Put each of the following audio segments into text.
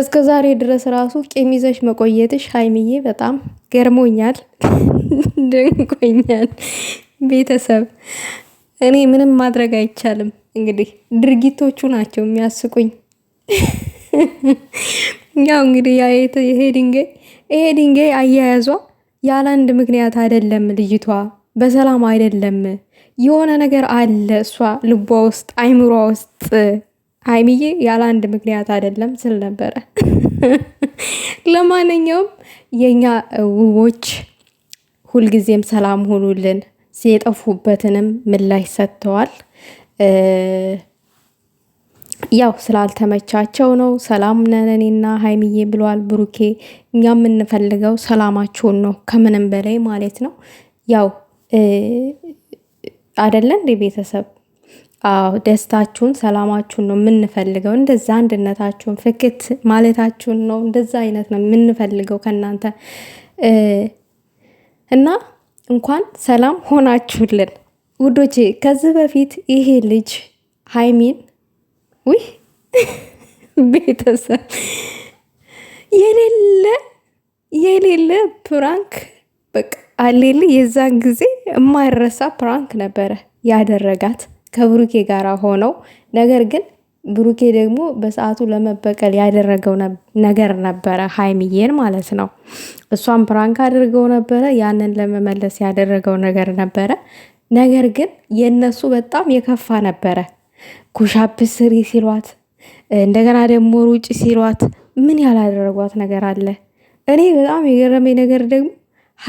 እስከ ዛሬ ድረስ ራሱ ቂም ይዘሽ መቆየትሽ ሀይሚዬ በጣም ገርሞኛል፣ ደንቆኛል። ቤተሰብ እኔ ምንም ማድረግ አይቻልም። እንግዲህ ድርጊቶቹ ናቸው የሚያስቁኝ። ያው እንግዲህ ይሄ ድንጋይ ይሄ ድንጋይ አያያዟ ያለ አንድ ምክንያት አይደለም። ልጅቷ በሰላም አይደለም፣ የሆነ ነገር አለ እሷ ልቧ ውስጥ አይምሯ ውስጥ ሀይሚዬ ያለ አንድ ምክንያት አይደለም ስል ነበረ። ለማንኛውም የእኛ ውቦች ሁልጊዜም ሰላም ሆኑልን። የጠፉበትንም ምላሽ ሰጥተዋል። ያው ስላልተመቻቸው ነው። ሰላም ነን እኔና ሀይሚዬ ብለዋል ብሩኬ። እኛ የምንፈልገው ሰላማችሁን ነው ከምንም በላይ ማለት ነው። ያው አደለን ቤተሰብ አዎ ደስታችሁን፣ ሰላማችሁን ነው የምንፈልገው። እንደዛ አንድነታችሁን፣ ፍክት ማለታችሁን ነው እንደዛ አይነት ነው የምንፈልገው ከእናንተ እና እንኳን ሰላም ሆናችሁልን ውዶቼ። ከዚህ በፊት ይሄ ልጅ ሀይሚን ውይ ቤተሰብ የሌለ የሌለ ፕራንክ በቃ አሌል የዛን ጊዜ የማይረሳ ፕራንክ ነበረ ያደረጋት። ከብሩኬ ጋር ሆነው ነገር ግን ብሩኬ ደግሞ በሰዓቱ ለመበቀል ያደረገው ነገር ነበረ፣ ሀይሚዬን ማለት ነው። እሷም ፕራንክ አድርገው ነበረ፣ ያንን ለመመለስ ያደረገው ነገር ነበረ። ነገር ግን የእነሱ በጣም የከፋ ነበረ። ኩሻፕ ስሪ ሲሏት፣ እንደገና ደግሞ ሩጭ ሲሏት፣ ምን ያላደረጓት ነገር አለ? እኔ በጣም የገረመኝ ነገር ደግሞ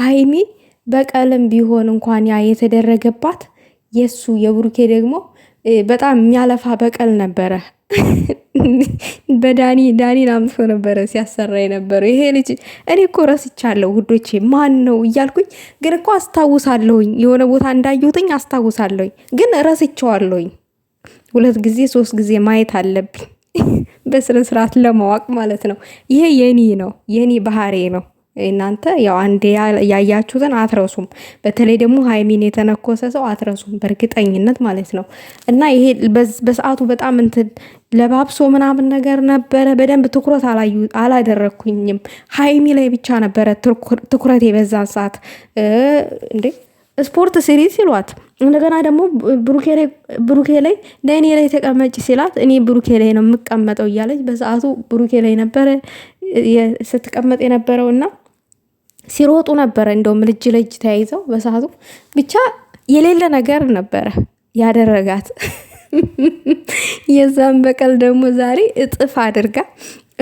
ሀይሚ በቀልም ቢሆን እንኳን ያ የተደረገባት የእሱ የብሩኬ ደግሞ በጣም የሚያለፋ በቀል ነበረ። በዳኒ ዳኒን አምጥፎ ነበረ ሲያሰራ የነበረው ይሄ ልጅ። እኔ እኮ ረስቻለሁ ውዶቼ፣ ማን ነው እያልኩኝ ግን እኮ አስታውሳለሁኝ፣ የሆነ ቦታ እንዳየሁትኝ አስታውሳለሁኝ፣ ግን ረስቸዋለሁኝ። ሁለት ጊዜ ሶስት ጊዜ ማየት አለብኝ በስነ ስርዓት ማለት ነው። ይሄ የኔ ነው የኔ ባህሬ ነው። እናንተ ያው አንዴ ያያችሁትን አትረሱም። በተለይ ደግሞ ሀይሚን የተነኮሰ ሰው አትረሱም በእርግጠኝነት ማለት ነው። እና ይሄ በሰዓቱ በጣም እንትን ለባብሶ ምናምን ነገር ነበረ። በደንብ ትኩረት አላደረግኩኝም። ሀይሚ ላይ ብቻ ነበረ ትኩረት የበዛን ሰዓት እንዴ ስፖርት ሲሪዝ ሲሏት እንደገና ደግሞ ብሩኬ ላይ ለእኔ ላይ ተቀመጭ ሲላት እኔ ብሩኬ ላይ ነው የምቀመጠው እያለች በሰዓቱ ብሩኬ ላይ ነበረ ስትቀመጥ የነበረው እና ሲሮጡ ነበረ። እንደውም ልጅ ለእጅ ተያይዘው በሰዓቱ ብቻ የሌለ ነገር ነበረ ያደረጋት። የዛን በቀል ደግሞ ዛሬ እጥፍ አድርጋ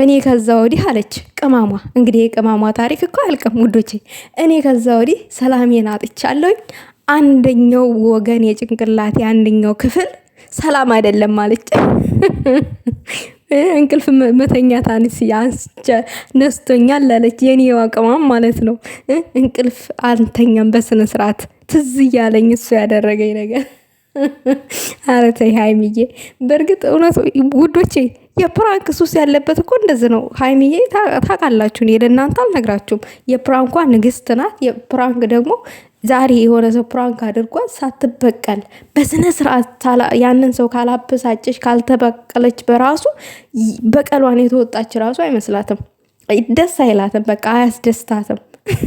እኔ ከዛ ወዲህ አለች ቅማሟ። እንግዲህ የቅማሟ ታሪክ እኮ አልቀም ውዶቼ። እኔ ከዛ ወዲህ ሰላሜን አጥቻለሁኝ። አንደኛው ወገን የጭንቅላቴ አንደኛው ክፍል ሰላም አይደለም ማለች። እንቅልፍ መተኛት ነስቶኛል አለች። የኔ ዋቅማም ማለት ነው። እንቅልፍ አልተኛም በስነ ስርዓት ትዝ እያለኝ እሱ ያደረገኝ ነገር ኧረ ተይ ሀይሚዬ። በእርግጥ እውነት ውዶቼ የፕራንክ ሱስ ያለበት እኮ እንደዚህ ነው። ሀይሚዬ ታውቃላችሁ፣ እኔ ለእናንተ አልነግራችሁም። የፕራንኳ ንግስት ናት። የፕራንክ ደግሞ ዛሬ የሆነ ሰው ፕራንክ አድርጓት ሳትበቀል በስነ ስርዓት ያንን ሰው ካላበሳጨች ካልተበቀለች በራሱ በቀሏን የተወጣች ራሱ አይመስላትም፣ ደስ አይላትም፣ በቃ አያስደስታትም።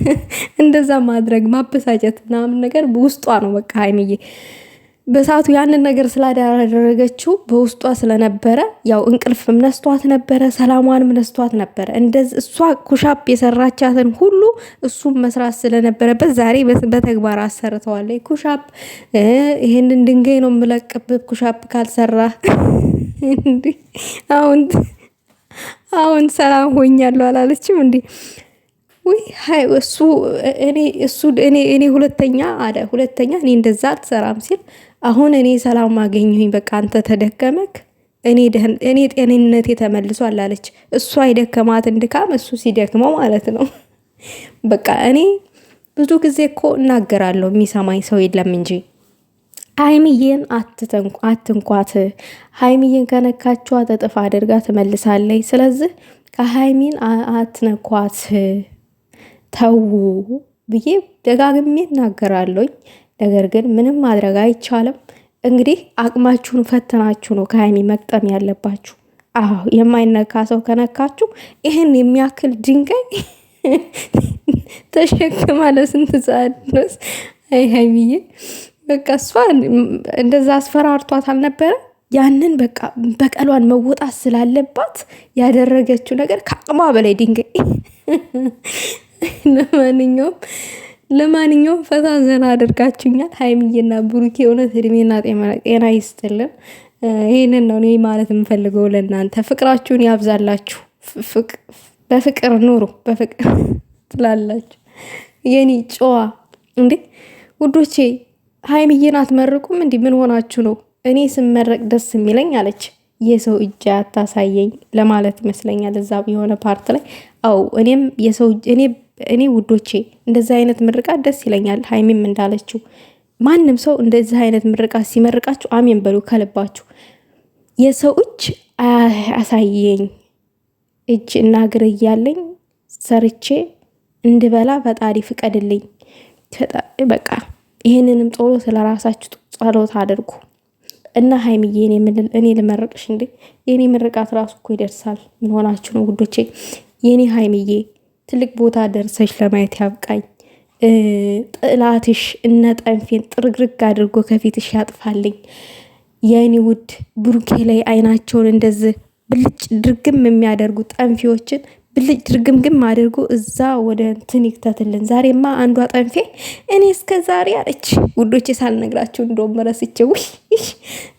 እንደዛ ማድረግ ማበሳጨት ምናምን ነገር ውስጧ ነው በቃ ሀይሚዬ በሰዓቱ ያንን ነገር ስላላደረገችው በውስጧ ስለነበረ ያው እንቅልፍም ነስቷት ነበረ፣ ሰላሟንም ነስቷት ነበረ። እንደዚህ እሷ ኩሻፕ የሰራቻትን ሁሉ እሱም መስራት ስለነበረበት ዛሬ በተግባር አሰርተዋለች። ኩሻፕ ይሄንን ድንጋይ ነው የምለቅብህ ኩሻፕ ካልሰራ። አሁን አሁን ሰላም ሆኛለሁ አላለችም እንዴ? ውይ ሀይ እሱ እኔ እሱ እኔ ሁለተኛ አለ ሁለተኛ እኔ እንደዛ አትሰራም ሲል አሁን እኔ ሰላም አገኘሁኝ፣ በቃ አንተ ተደከመክ፣ እኔ ጤንነቴ ተመልሷል አለች። እሷ የደከማትን ድካም እሱ ሲደክመው ማለት ነው። በቃ እኔ ብዙ ጊዜ እኮ እናገራለሁ፣ የሚሰማኝ ሰው የለም እንጂ ሀይሚዬን አትንኳት። ሀይሚዬን ከነካችኋት እጥፍ አድርጋ ትመልሳለች። ስለዚህ ከሀይሚን አትነኳት ተዉ ብዬ ደጋግሜ እናገራለኝ። ነገር ግን ምንም ማድረግ አይቻልም። እንግዲህ አቅማችሁን ፈትናችሁ ነው ከሀይሚ መቅጠም ያለባችሁ። አዎ የማይነካ ሰው ከነካችሁ ይህን የሚያክል ድንጋይ ተሸክማ ለስንት ሰዓት ድረስ አይ ሀይሚዬ በቃ እሷ እንደዛ አስፈራርቷት አልነበረ። ያንን በቃ በቀሏን መወጣት ስላለባት ያደረገችው ነገር ከአቅሟ በላይ ድንጋይ። ለማንኛውም ለማንኛውም ፈታ ዘና አድርጋችሁኛል። ሀይሚዬና ብሩኬ እውነት እድሜና ጤና ይስጥልን። ይህንን ነው እኔ ማለት የምፈልገው ለእናንተ። ፍቅራችሁን ያብዛላችሁ። በፍቅር ኑሩ፣ በፍቅር ትላላችሁ። የኔ ጨዋ እንዴ ውዶቼ፣ ሀይምዬን አትመርቁም? እንዲህ ምን ሆናችሁ ነው? እኔ ስመረቅ ደስ የሚለኝ አለች። የሰው እጅ አታሳየኝ ለማለት ይመስለኛል እዛ የሆነ ፓርት ላይ አው እኔም የሰው እኔ እኔ ውዶቼ እንደዚህ አይነት ምርቃት ደስ ይለኛል። ሀይሚም እንዳለችው ማንም ሰው እንደዚህ አይነት ምርቃት ሲመርቃችሁ አሜን በሉ ከልባችሁ። የሰው እጅ አሳየኝ እጅ እና እግር እያለኝ ሰርቼ እንድበላ ፈጣሪ ፍቀድልኝ። በቃ ይህንንም ጦሎ ስለ ራሳችሁ ጸሎት አድርጉ እና የምልል እኔ ልመርቅሽ እንዴ! የእኔ ምርቃት ራሱ እኮ ይደርሳል። ምን ነው ውዶቼ? የእኔ ሀይሚዬ ትልቅ ቦታ ደርሰሽ ለማየት ያብቃኝ። ጥላትሽ እነ ጠንፌን ጥርግርግ አድርጎ ከፊትሽ ያጥፋልኝ። የእኔ ውድ ብሩኬ ላይ አይናቸውን እንደዚህ ብልጭ ድርግም የሚያደርጉ ጠንፌዎችን ብልጭ ድርግምግም አድርጎ እዛ ወደ እንትን ይክተትልን። ዛሬማ አንዷ ጠንፌ እኔ እስከ ዛሬ አለች። ውዶቼ ሳልነግራችሁ እንደውም ረስቼው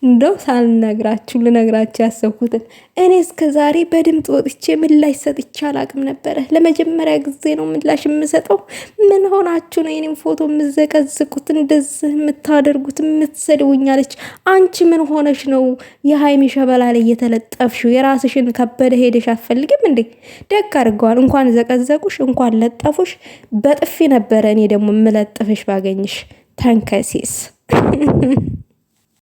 እንደው ሳልነግራችሁ ልነግራችሁ ያሰብኩትን እኔ እስከ ዛሬ በድምፅ ወጥቼ ምላሽ ሰጥቼ አላቅም ነበረ። ለመጀመሪያ ጊዜ ነው ምላሽ የምሰጠው። ምን ሆናችሁ ነው የኔም ፎቶ የምዘቀዝቁት እንደዚህ የምታደርጉት የምትሰድውኛለች? አንቺ ምን ሆነሽ ነው የሀይሚ ሸበላ ላይ እየተለጠፍሽው የራስሽን ከበደ ሄደሽ አትፈልግም እንዴ? ልክ አድርገዋል። እንኳን ዘቀዘቁሽ፣ እንኳን ለጠፉሽ። በጥፊ ነበረ እኔ ደግሞ የምለጥፍሽ ባገኝሽ ተንከሴስ